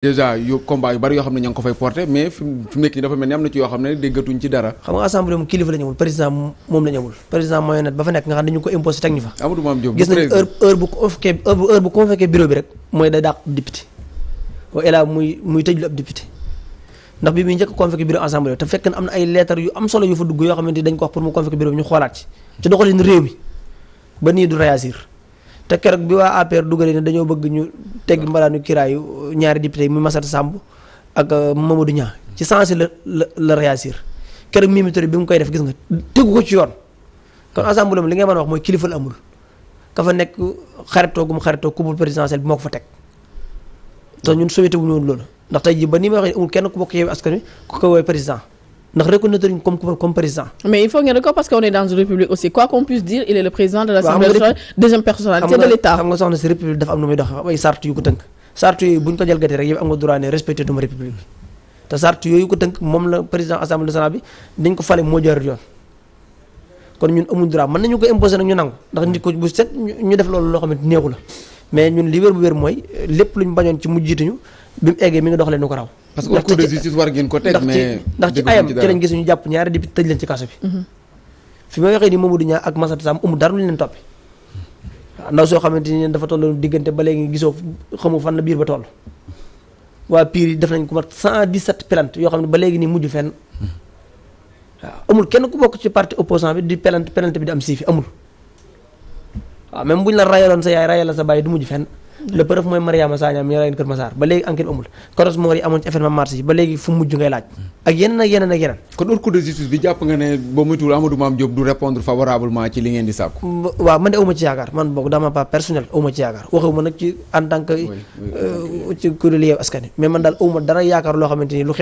déjà yu combat yu bari yoo xam ne ña ngi ko fay porté mais fi mu nekk nii dafa mel ni am na ci yoo xam ne déggatuñ ci dara xam nga assemblée kilifa la ñëwul président moom la ñëwul président mooy net ba fa nekk nga xam ne ñu ko imposé teg ñu fa Amadou Mame Diop gis nañ heure heure bu convoqué bureau bi rek mooy day dàq député wa ela muy muy tëj ab député ndax bi muy njëkk convoqué bureau assemblée te fekk na am na ay lettres yu am solo yu fa dugg yoo xamante dañ ko wax pour mu convoqué bureau te keroog bi waa APR dugalee ne dañoo bëgg ñu tegg mbalaanu kiraayu ñaari député mu Massata Samb ak euh, Mamadou ci sens la la la réagir keroog Mimi bi mu koy def gis nga tegu ko ci yoon kon ensemble li ngay mën wax mooy kilifa la amul ka fa nekk xaritoo gum xaritoo couple présidentiel bi moo ko fa teg te ñun souhaité wuñu woon loolu ndax te ji ba ni ma waxee amul kenn ku bokk Yewwi Askan Wi ku ko woowee président ndax reconnaître ñu comme comme président. mais il faut ngeen ko parce que on est dans une république aussi quoi qu'on puisse dire il est le président de l'Assemblée nationale deuxième personnalité de l'État. ñu ko jalgatee rek yow bi te ko tënk moo jaar kon ñun amuñ droit mën nañu ko imposer nag ñu nangu ndax nit bu set ñu def loolu loo xamante neexu la mais ñun li wér bu wér mooy lépp luñ bañoon ci mu jiituñu bi mu eggee mi ngi dox nu ko raw parce que cour de justice war ngeen ko teg mais ndax ci ayam ci lañ gis ñu jàpp ñaari député tëj leen ci kaso bi mhm. fi may waxee ni Mamadou Niang ak Massata Samb amul dara lu leen toppee ndaw soo xamante ni dafa tolloon diggante ba léegi gisoo xamu fan la biir ba toll waa piir yi def nañ ko mat 117 plainte yoo xam ne ba léegi nii mujj fenn waaw amul kenn ku bokk ci parti opposant bi di plainte plainte bi di am siifi amul waaw même buñ la rayaloon sa yaay rayal la sa bàyyi du mujj fenn le preuve mooy Mariama Sagna mi rayoon Kër Massar ba léegi enquête amul correspondance yi amoon ci événement marché yi ba léegi fu mujj ngay laaj ak yeneen ak yeneen ak yeneen kon haute cour bi jàpp nga ne ba muytul Amadou Mame Diop du répondre favorablement ci li ngeen di sàkku waaw man de awma ci yaakaar man boog dama pas personnel awma ci yaakaar waxuma nag ci en tant euh, ci kuréel Yewwi Askan mais man daal awma dara yaakaar loo xamante ni lu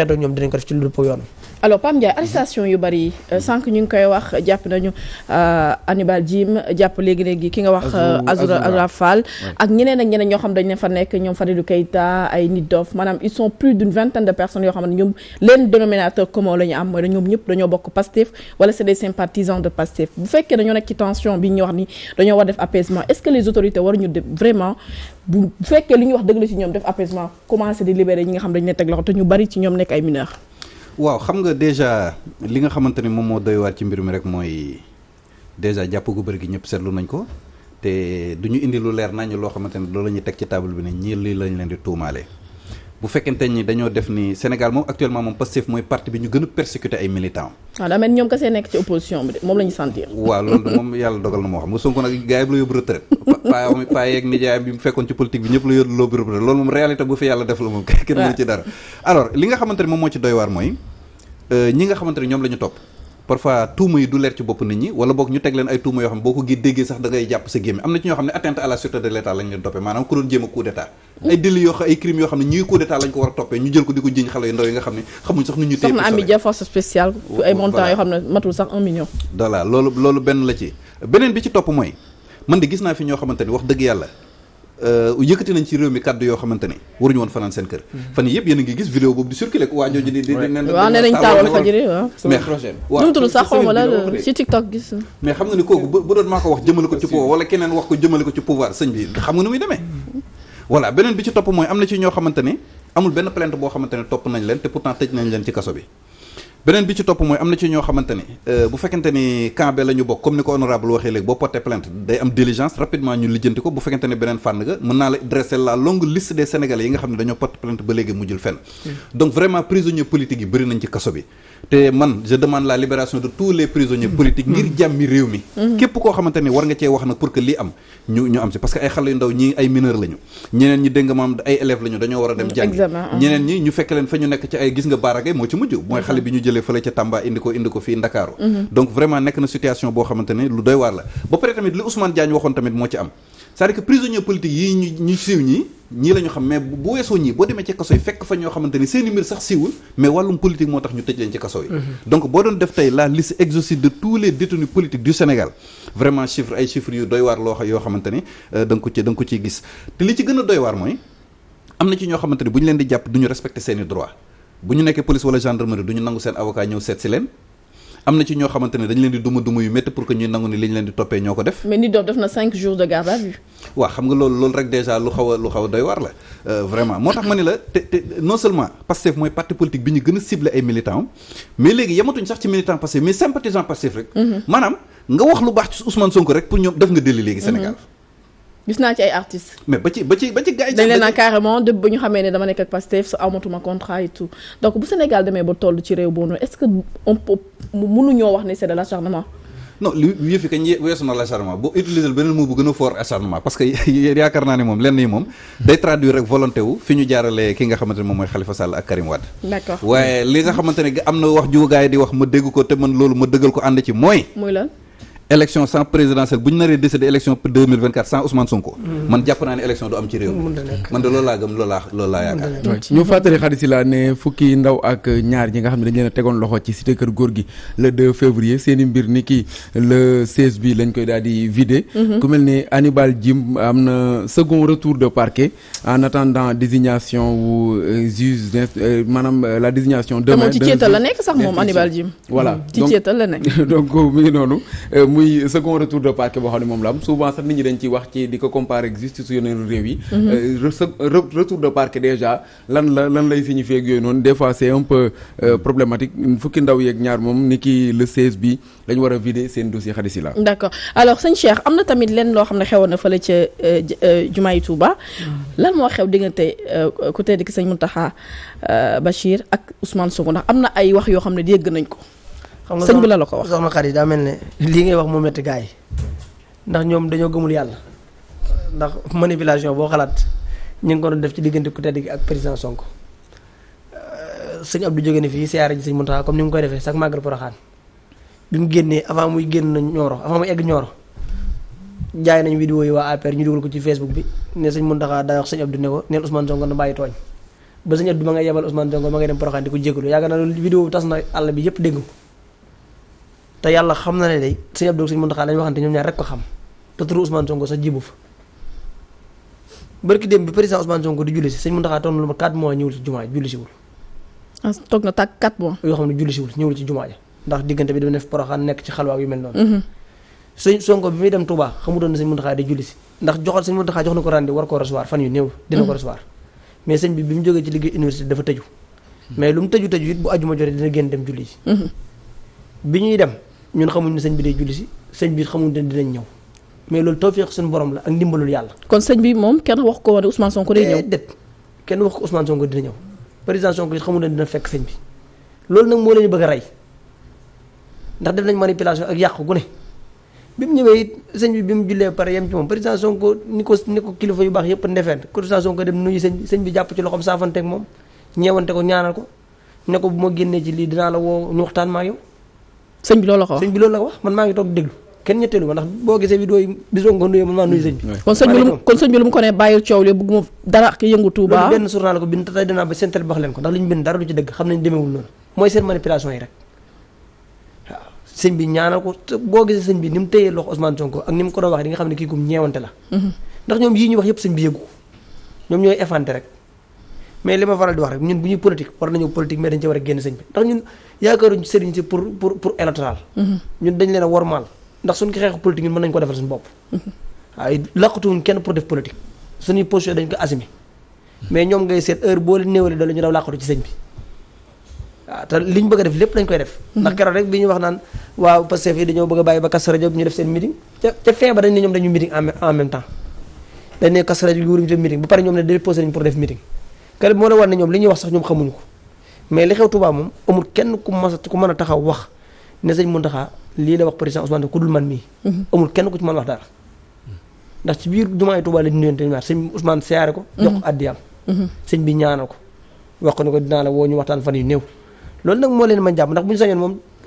alors Pam Ndiaye arrestation yu bari yi euh, sànq ñu ngi koy wax jàpp nañu euh, Hannibal Djim jàpp léegi léegi ki nga wax. Azura euh, Azura Fall ak ñeneen ak ñeneen ñoo xam dañ ne fa nekk ñoom Fadilou Keita ay nit dof maanaam ils ne ñu am mooy ñoom ñëpp dañoo bokk Pastef wala c'est des sympathisants de Pastef bu fekkee dañoo nekk ci tension bi ñu wax ni dañoo war def apaisement est que les autorités waruñu def vraiment bu fekkee li ñuy wax dëgg ci ñoom def apaisement commencer di libérer ñi nga xam dañ ne ñu bari ci ñoom waaw xam nga déjà li nga xamante ni moom moo doywaat ci mbir mi rek mooy déjà jàpp gu bëri gi ñëpp seetlu nañ ko te du ñu indi lu leer nañu loo xamante ne loolu la ñuy teg ci table bi ne ñii lii lañ leen di tuumaale. bu fekkente ni dañoo def ni Sénégal moom actuellement moom Pastef mooy parti bi ñu gën a persécuté ay militants. waaw daa mel ñoom kese nekk ci opposition bi de moom la ñu sentir. waaw loolu moom yàlla dogal na moo xam nga Sonko nag gars la yóbbu retraite. paa paa yeeg nijaayam bi mu fekkoon ci politique bi ñëpp la yóbbu yóbbu loolu moom réalité bu fi yàlla def la moom. kenn mënu ci dara alors li nga xamante ne moom moo ci doy waar mooy euh, ñi nga xamante ne ñoom la ñu topp parfois tuuma yi du leer ci bopp nit ñi wala boog ñu teg leen ay tuuma yoo xam boo ko gi déggee sax da jàpp sa gémmi am na ci ñoo xam ne atteinte à la sûreté de l'État lañ leen toppee maanaam ku doon jéem a coup d'état hmm. ay délits yoo xam ne ñuy coup d'état lañ ko war a toppee ñu jël ko di ko jiñ xale yu ndaw yi nga xam ne xamuñ sax nu Ami Dia force spéciale ay montants yoo xam ne matul sax un million voilà loolu loolu benn la ci fi ñoo xamante ni wax dëgg yàlla Euh, yëkkati nañ ci réew mi kaddu yoo xamante ne waruñu woon fanaan seen kër mm-hmm. fan yii yëpp ngi gis vidéo boobu di circulé ko waa jooju di di nen waaw nee nañ taawal fajiri mais waaw ñu tudd sax xawma la ci TikTok gis mais xam nga ni kooku bu doon maa ko wax jëmale ko ci pouvoir wala keneen wax ko jëmale ko ci pouvoir sëñ bi xam nga ni muy demee mm-hmm. voilà beneen bi ci topp mooy am na ci ñoo xamante ne amul benn plainte boo xamante ne topp nañ leen te pourtant tëj nañ leen ci kaso bi beneen bi ci topp mooy am na ci ñoo xamante euh, bu fekkente ni camp be la comme ni ko honorable waxee léegi boo porté plainte day am diligence rapidement ñu lijjanti ko bu fekkente ni beneen fànn nga mën naa la dresser la longue liste des sénégalais yi nga xam ne dañoo porté plainte ba léegi mujjul fenn mm. donc vraiment prisonniers politiques yi bëri nañ ci kaso bi te man je demande la libération de tous les prisonniers politiques ngir mm. jàmmi réew mi mm. jëlee fële ca Tamba indi ko indi ko fii Ndakaaru mhm. donc vraiment nekk na situation boo xamante lu doy la ba tamit li Ousmane Diagne waxoon tamit moo ci am c'est-à-dire que prisonniers politiques yi ñu ñu siiw ñi ñii la xam mais bu weesoo ñii boo demee ci kaso yi fekk fa ñoo xamante ni seen sax siiwul mais wàllum politique moo tax ñu tëj leen ci kaso yi mhm. donc boo doon def tey la liste exhaustive de tous les détenus politiques du Sénégal vraiment chiffre ay euh, a bu ñu nekkee police wala gendarmerie du ñu nangu seen avocat ñëw seet si leen am na ci ñoo xamante ne dañu leen di duma duma yu métti pour que ñuy nangu ni li ñu leen di toppee ñoo ko def. mais nit doon def na cinq jours de garde à vue. waaw xam nga loolu loolu rek déjà lu xaw a lu xaw a doy waar la euh, vraiment moo tax ma ni la te te non seulement Pastef mooy parti politique bi ñu gën a ciblé ay militants mais léegi yamatuñ sax ci militant Pastef mais sympathisant gis naa ci ay artistes. mais ba ci ba ci ba ci gars yi. dañ leen a carrément dëpp ba ñu xamee ne dama nekk ak Pastef sa amatuma contrat et tout donc bu Sénégal demee ba toll ci réew boobu est-ce que on peut mënuñoo wax ne c'est de l'acharnement. non li yëf yi kañ weesu na l'acharnement boo utiliser beneen mot bu gën a fort acharnement parce que yaakaar naa ne moom lenn yi moom day traduire rek volonté wu fi ñu jaarale ki nga xamante ne moom mooy Khalifa Sall ak Karim Wade d'accord waaye li nga xamante ne am na wax ju gaay di wax ma dégg ko te man loolu ma dëggal ko ànd ci mooy. muy lan. élection sans présidentielle bu ñu naree décider élection pour 2024 sans Ousmane Sonko. Hmm. man jàpp naa ne élection du am ci réew man de loolu laa gëm loolu laa loolu laa yaakaar. ñu fàttali xarit si laa ne fukki ndaw ak ñaar ñi nga xam ne dañ leen a tegoon loxo ci cité kër góor gi le 2 février seen i mbir ni ki le bi lañ koy daal di vider. Mhm. ku mel ni Hannibal Djim am na second retour de parquet en attendant désignation wu euh, juge euh, maanaam euh, la désignation. demain ci ceetal la nekk sax muy second retour de parquet boo xam ne moom la am souvent sax nit ñi dañ ciy wax ci di ko comparer ak justice yeneen réew yi. Mhm. Euh, retour de parquet déjà lan la lan lay signifier ak yooyu noonu des fois c'est un peu euh, problématique fukki ndaw yeeg ñaar moom ni ki le 16 bi dañu war a vider seen dossier xadis yi la. d'accord alors sëñ Cheikh am na tamit lenn loo xam ne xewoon na fële ca euh, Jumaay Touba mhm. lan moo xew diggante côté di ki sëñ Mountakha Bachir ak Ousmane Sonko ndax am na ay yoo xam ne dégg nañ ko. xam nga sëñ bi la la ko wax soxna xarit daa mel ne li ngay wax moo métti gars yi ndax ñoom dañoo gëmul yàlla ndax manipulation boo xalaat ñu ngi ko doon def ci diggante ku tedd gi ak président Sonko euh, sëñ Abdou na fii siyaare ji sëñ Mountakha ni mu koy defee sax màggal Porokhane bi mu génnee avant muy génn Nioro avant muy egg Nioro jaay nañ vidéo yi waa APR ñu dugal ko ci Facebook bi ne sëñ Mountakha daa wax sëñ Abdou ne ko neen Ousmane Sonko na bàyyi tooñ ba sëñ Abdou ma ngay yebal Ousmane Sonko ma ngay dem Porokhane di ko jégalu yaakaar naa loolu vidéo tas na àll bi yëpp dégg ko te yàlla xam na ne day sëñ Abdou sëñ Mountakha lañu waxante ñoom ñaar rek ko xam te turu Ousmane Sonko sax jibu fa barki démb bi président Ousmane Sonko di julli si sëñ Mountakha toog na lu ma 4 mois ñëwul si jumaa ji julli si ah, na tàkk 4 mois. yoo xam ne julli si wul ñëwul ci jumaa ji ndax diggante bi dafa def poroxaan nekk ci xalwaak yu mel noonu. Mhm. sëñ Sonko bi muy dem Touba xamutoon ne sëñ Mountakha day julli si ndax joxoon sëñ Mountakha jox na ko rendi war koo recevoir fan yu néew. dina ko mhm. recevoir mais sëñ bi bi ñun xamuñ ne sëñ bi day julli si sëñ bi xamuñ ne dinañ ñëw mais loolu tawfeex suñu borom la ak ndimbalul yàlla. kon sëñ bi moom kenn wax ko woon ne Ousmane Sonko day ñëw kenn wax ko Ousmane dina ñëw président Sonko it xamuñ ne dina fekk sëñ bi loolu nag moo leen bëgg rey ndax def nañ manipulation ak yàq gu ne bi mu ñëwee bi mu jullee pare yem ci moom président Sonko ni ko ni ko kilifa yu baax yëpp ndefeen président Sonko dem nuyu sëñ bi sëñ bi jàpp ci loxoom saafante ak moom ñeewante ko ñaanal ko ne ko bu ma génnee ci lii dinaa la woo ñu waxtaan maa yow sëñ bi loolu la ko wax la wax man maa ngi toog déglu kenn ñetteelu ma ndax boo gisee vidéo yi bis boo ko nuyoo man maa nuyu sëñ bi kon sëñ bi lu mu ko ne bàyyil coow li bëgguma dara ki ci dëgg xam nañ demeewul noonu mooy seen manipulation yi rek waaw sëñ bi ñaanal ko boo gisee sëñ bi ni mu téyee loxo Ousmane Sonko ak ni mu ko doon wax di nga xam ne kii kum ñeewante la mhm. ndax ñoom yii ñu wax yëpp sëñ bi yëgu ñoom ñooy effante rek mais li ma faral di wax rek ñun bu ñuy politique war nañu politique mais dañ ci war a génn sëñ bi ndax ñun yaakaaruñ sëriñ si pour pour pour électoral mm-hmm. ñun dañ leen a ndax suñ ko xeexu politique ñun mën nañu ko defal suñu bopp mm-hmm. waaye làqatuwuñ kenn pour def politique suñuy position dañ ko assumé mais ñoom ngay seet heure boo leen néewale ñu daw làqatu ci sëñ bi waaw te li ñu bëgg a def lépp dañ koy def mm-hmm. ndax keroog rek bi ñu wax naan waaw Pastef yi dañoo ñu def seen meeting ca ca fin ba dañ def meeting ba kër bi moo ne war ne ñoom li ñuy wax sax ñoom xamuñu ko mais li xew Touba moom amul kenn ku mas ku mën a taxaw wax ne sëñ Mountakha lii la wax président Ousmane ku dul man mii mhm. amul ku ci mën wax dara ndax ci biir jumaay Touba la nuyonte siyaare ko jox ko àddiyaam mhm. mhm. sëñ bi ñaanal ko wax ko ne ko dinaa la woo ñu waxtaan fan yu néew loolu nag moo leen man jàpp ndax bu ñu sañoon moom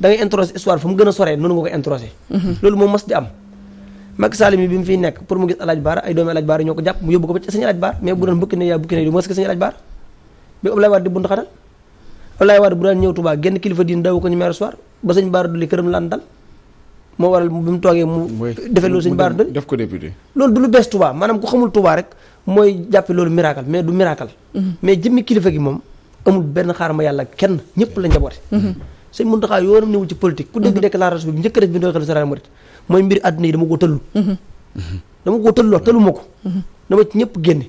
da ngay introsé histoire fu mu gën a soree noonu nga koy introsé mhm. loolu moom mas di am Macky Sall mi bi mu fiy nekk pour mu gis alaaj baara ay doomi alaaj baara ñoo ko jàpp mu yóbbu ko ba ci sañu alaaj baara mais bu doon bukki ne yaa bukki ne du mas ki sañu alaaj baara ko ñu maire soir ba sëñ baara duli këram laan dal moo waral bi mu toogee mu defee loolu sëñ baara duli loolu du lu bees Touba maanaam ku xamul Touba rek mooy jàppe loolu miracle mais du miracle mhm. mais jëmmi kilifa gi moom xaar yàlla kenn ñëpp la njaboote mhm. sëñ Muntaxa yoonam newul ci politique ku dégg mhm. déclaration bi njëkk def bi ndoy xel sara murit ko mhm. Mhm. dama ci ñëpp génne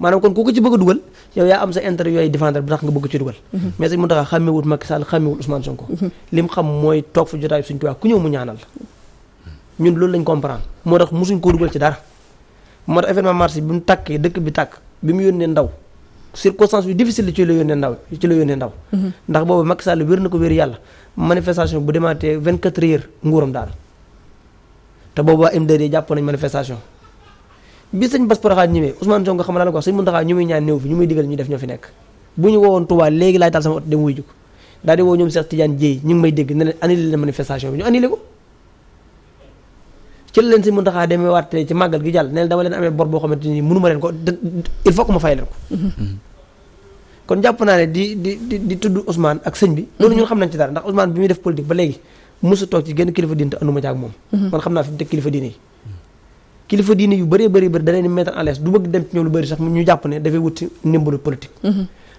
maanaam kon ku ko ci bëgg a dugal yow yaa am sa intérêt yooyu défendre bi tax nga bëgg ci dugal mais sëñ Muntaxa xàmmewut Macky mooy toog fa jotaay suñ tuwaa ku ñëw mu ñaanal ñun loolu lañ comprendre moo tax musuñ koo dugal ci dara moo tax événement marché bi mu tàkkee dëkk bi tàkk bi mu yónnee ndaw circonstance bi difficile la ci la yónnee ndaw ci la yónnee ndaw. Mhm. ndax boobu Macky Sall wér na wér yàlla manifestation bu demaatee 24 heures nguuram daal te boobu waa MDD jàpp nañ manifestation bi sëñ Bass Porokhane ñëwee Ousmane Sonko xam naa la ko wax sëñ Mountakha ñu muy ñaan néew fi ñu muy digal ñu def ñoo fi nekk bu ñu woowoon Touba léegi laay taal sama oto dem wuy jug daal di woo ñoom Cheikh Tidiane Dieye ñu ngi ci leen si Muntaxa demee waatee ci màggal gi jàll neen dama leen amee bor boo xamante ni mënuma leen ko il faut que ma fay leen ko mm-hmm. kon jàpp naa ne di di di di tudd Ousmane ak sëñ bi loolu ñun xam nañ ci dara ndax Ousmane bi muy def politique ba léegi mosu toog ci genn kilifa diine te anduma jaag moom mm-hmm. man xam naa fi mu teg kilifa diine yi kilifa diine yu bëree bëri bëri da leen mettre en du bëgg dem ci ñoom lu bëri sax mu ñu jàpp ne dafay wuti ndimbalu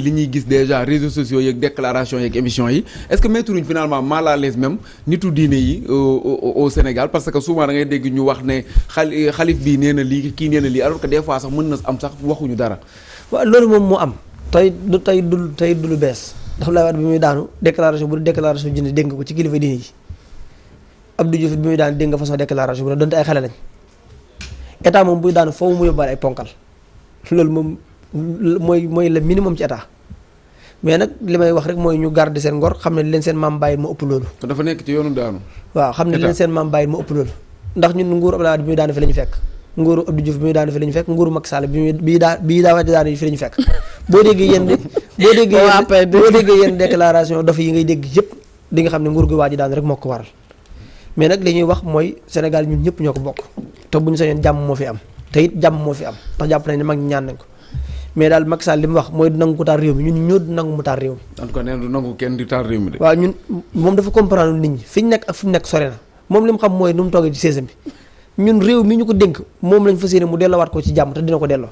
léegi li ñuy gis déjà réseaux sociaux yeeg déclaration yeeg émission yi est-ce que mettre finalement mal à l'aise même nitu diine yi au Sénégal parce que souvent da ngay dégg ñu wax ne xali xalif bi nee na lii kii nee na lii alors que des fois sax mën na am sax waxuñu dara. waaw loolu moom mu am tey du tey du tey du lu bees ndax Abdoulaye Wade bi muy daanu déclaration bu déclaration jënd dégg nga ko ci kilifa diine yi Abdou Diouf bi muy daan dégg nga façon déclaration bu ne donte ay xale lañ état moom buy daanu foofu mu yóbbaale ay ponkal loolu moom. mooy mooy le minimum ci état mais nag li may wax rek mooy ñu garder seen ngor xam ne leen seen maam bàyyi ma ëpp loolu. dafa nekk ci yoonu daanu. waaw xam ne leen seen maam bàyyi ma ëpp ndax ñun nguuru Abdoulaye bi muy daanu ñu fekk nguuru Abdou Diouf bi muy daanu ñu fekk nguuru Macky Sall bi muy bii daa bii daa waaj daanu fi fekk boo déggee yéen de. boo déggee yéen boo déggee yéen déclaration dof yi ngay dégg yëpp di nga xam ne nguur gi waaj daanu rek moo ko waral mais nag li ñuy wax mooy Sénégal ñun ñëpp ñoo ko bokk te bu ñu jàmm moo fi am te it jàmm moo fi am ndax jàpp nañ ne mag ñaan nañ ko mais daal Macky Sall li mu wax mooy du nangu ko taal réew mi ñun ñoo du nangu mu taal réew mi. en tout cas nee na du nangu kenn waaw ñun moom dafa comprendre nit ñi fi ñu nekk ak fi nekk sore na moom li mu xam mooy nu mu toogee ci saison bi ñun réew mi ñu ko dénk moom lañ fa yéene mu delloowaat ko ci jàmm te dina ko delloo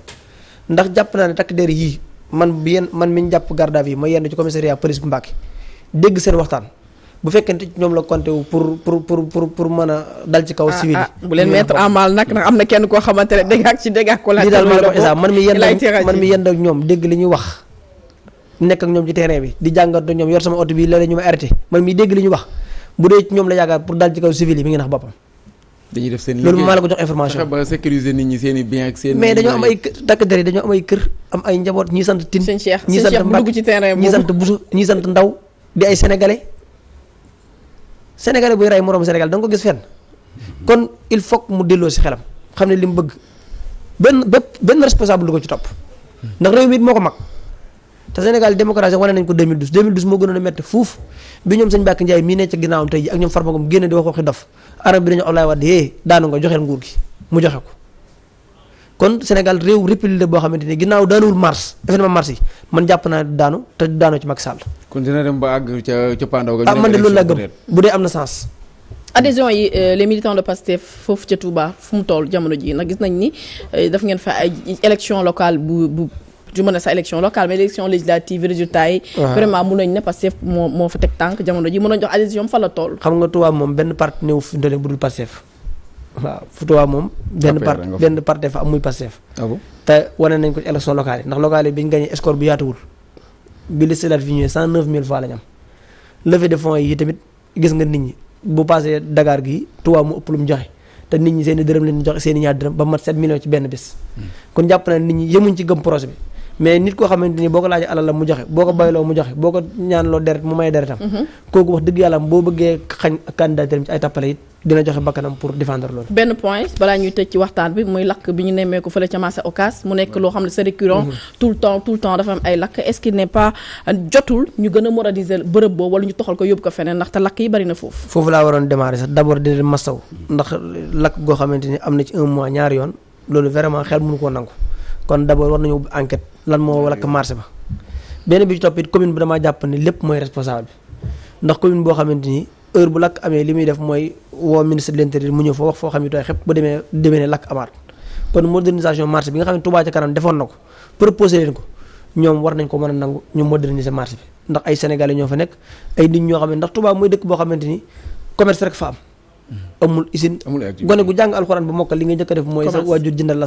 ndax jàpp naa ne takk der yii man yenn man mi ñu jàpp garde yi vue ma yenn ci commissariat police bu Mbacké dégg seen waxtaan bu fekkente ñoom la compté wu pour pour pour pour pour mën a dal ci kaw ah, civil yi ah, bu leen mettre en mal na ndax am na kenn koo xamante ne dégg ak ci dégg ak ko lii daal ñoom dégg li bi di jàngat ak ñoom yor sama oto bi léeg-léeg ñu ma arrêté man mi dégg li ñuy wax bu dee ci ñoom ngi nax boppam dañuy def seen liggéey loolu maa la ko jox information ba sécuriser nit ñi seen i bien ak seen mais dañoo am ay takk der yi dañoo am ay kër am ay njaboot ñi sant tin ñi sant mbàkk ñi sant ndaw di ay sénégalais sénégalais buy rey moroom sénégal da nga ko gis fenn kon il faut mu delloo si xelam xam ne li mu bëgg benn bépp benn responsable du ko ci topp ndax réew mi it moo ko mag te sénégal démocratie wane nañ ko 2012 2012 moo gënoon a métti fuuf bi ñoom sëñ Mbacke Ndiaye mii ne ci ginnaawam tey ji ak ñoom Farba Ngom génne di wax waxi dof arab bi dañu Abdoulaye Wade yee eh, daanu nga joxee nguur gi mu joxe ko kon Sénégal réew république la boo xamante ni ginnaaw daanuwul mars événement mars yi man jàpp naa daanu te daanoo ci Macky Sall. kon dina dem ba àgg ca cappaandaw ga. Ah, loolu laa gëm bu dee am na sens. Hmm. adhésion yi euh, les militants de Pastef foofu ca Touba fu mu toll jamono ji nag gis nañ ni euh, daf ngeen fa ay élection locale bu bu ju a sa élection locale mais élection législative résultat yi vraiment mun nañ ne Pastef moo fa teg tànk jamono ji mën nañ jox adhésion fa la toll xam nga Touba moom benn parti néew fi bu dul Pastef waaw Futuwa moom. benn part benn part dafa am muy Pastef. Ah te wane nañ ko ci élection locale yi ndax locale yi bi ñu gagné score bu yaatuwul. bi liste lat fi ñëwee cent neuf mille fois la ñu am. levée de fonds yi tamit gis nga nit ñi bu paasee Dakar gi tuwaa mu ëpp lu mu joxe te nit ñi seen i dërëm leen joxe seen i ñaar dërëm ba mat 7 millions ci benn bés. Hmm. kon jàpp na nit ñi yemuñ ci gëm projet bi. mais nit koo xamante ni boo ko laajee alalam mu joxe boo ko bayloo mu joxe boo ko ñaanloo deret mu may deretam mm-hmm. kooku wax dëgg yàlla boo bëggee xañ candidature ci ay tappale it dina joxe bakkanam pour défendre loolu benn point balaa ñuy tëj ci waxtaan bi muy lakk bi ñu nemmee ko fële ca marché Ocass mu nekk loo xam ne c'est récurrent mm-hmm. tout le temps tout temps dafa am ay lakk est-ce qu'il n'est pas jotul ñu gën a moraliser bërëb boobu wala ñu toxal ko yóbbu ko feneen ndaxte lakk yi bari na foofu laa waroon démarrer sax d'abord lakk goo xamante ni am na ci mois ñaari yoon loolu vraiment xel mënu koo nangu kon d' abord war nañu ubbi enquête lan moo walak marché ba benn bi ci topp bi damaa jàpp lépp mooy responsable bi ndax commune boo xamante ni heure bu lakk amee li muy def mooy woo ministre de mu ñëw fa wax foo xam ne tooy xëpp ba demee demee ne lakk amaat kon modernisation marché bi nga xam ne Touba ca kanam defoon na ko proposé leen ko ñoom war nañ ko mën a nangu ñu moderniser marché bi ndax ay sénégalais ñoo fa nekk ay nit ñoo xam ne ndax Touba mooy dëkk boo xamant ni commerce rek fa am hmm. amul usine gone gu jàng alxuraan ba li nga njëkk def mooy sa waajur jëndal la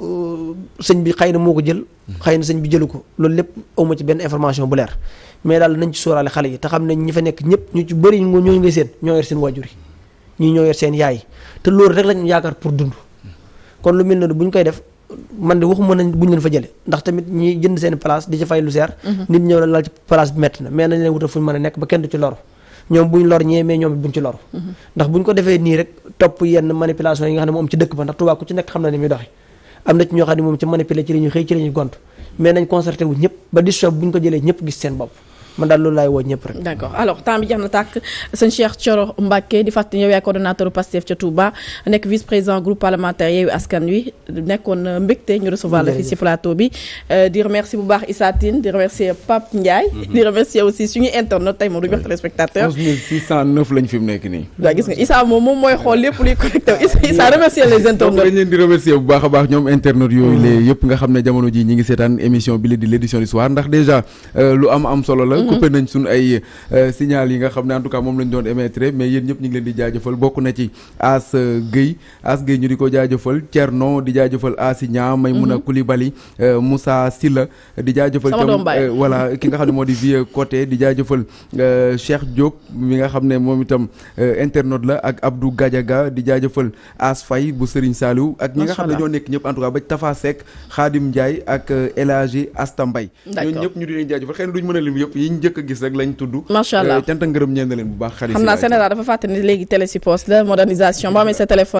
Euh, sëñ bi xëy na moo ko jël xëy na sëñ bi jëlu ko loolu lépp awma ci benn information bu leer mais daal nañ ci sóoraale xale yi te xam ne ñi fa nekk ñëpp ñu ci bëri nga ñooñu ngay seen ñoo yor seen waajur yi ñii ñoo yor seen yaay te loolu rek lañu yaakaar pour dund kon lu mel noonu bu ñu koy def man de waxuma nañ bu ñu leen fa jële ndax tamit ñi jënd seen place di ci fay lu seer mhm. nit ñëw la laal ci place bi na mais nañ leen wutal fu ñu mën a nekk ba kenn du ci loru ñoom buñ lor ñee mais ñoom buñ ci loru mhm. am na ci ñoo xam ne moom ci manipulé ci la ñu xëy ci la ñu gont mais nañ concerté wu ñëpp ba décision bu ñu ko jëlee ñëpp gis seen bopp man daal loolu laay woo ñëpp rek. d' accord alors na tàkk sëñ Cheikh Thioro Mbacké di fàttali yow yaay coordonnateur Pastef ca Touba nekk vice président groupe parlementaire Yewwi Askan Wi nekkoon mbégte ñu recevoir la bi. Euh, di remercier bu baax Issa Tine di remercier Pape mhm. suñu internaute tey moom du ñu wax fi mu nekk nii. waaw gis nga Issa moom moom mooy xool lépp luy connecté Issa remercier les internautes. dañ leen di remercier a baax ñoom internautes yooyu mhm. xam ne jamono ji ñi ngi seetaan émission bi la di l'édition du soir ndax déjà euh, lu am am solo la Mhm. coupé nañ suñu ay euh, signal yi nga xam ne en tout cas moom lañ doon émettre mais yéen ñëpp ñu ngi leen di jaajëfal bokk na ci As Guèye As Guèye ñu di ko jaajëfal Thierno di jaajëfal Asi Niang Maymuna mhm. Koulibaly euh, Moussa Silla di jaajëfal tam euh, voilà ki nga xam ne moo di vieux côté di jaajëfal Cheikh Diop mi nga xam ne moom itam internaute la ak Abdou Gadiaga di jëfal As fay bu Serigne Saliou ak ñi nga xam ne ñoo nekk ñëpp en tout ba Tafa Seck Khadim Ndiaye ak El Hadji Asta Mbaye ñooñu ñëpp ñu di leen jaajëfal xëy na duñ mën a lim jëkk njëkk gis rek lañ tudd macha allah eh, cant ngërëm ñeen leen bu baax xarit xam naa Sénégal dafa fàtte léegi télé si poste modernisation boo amee sa téléphone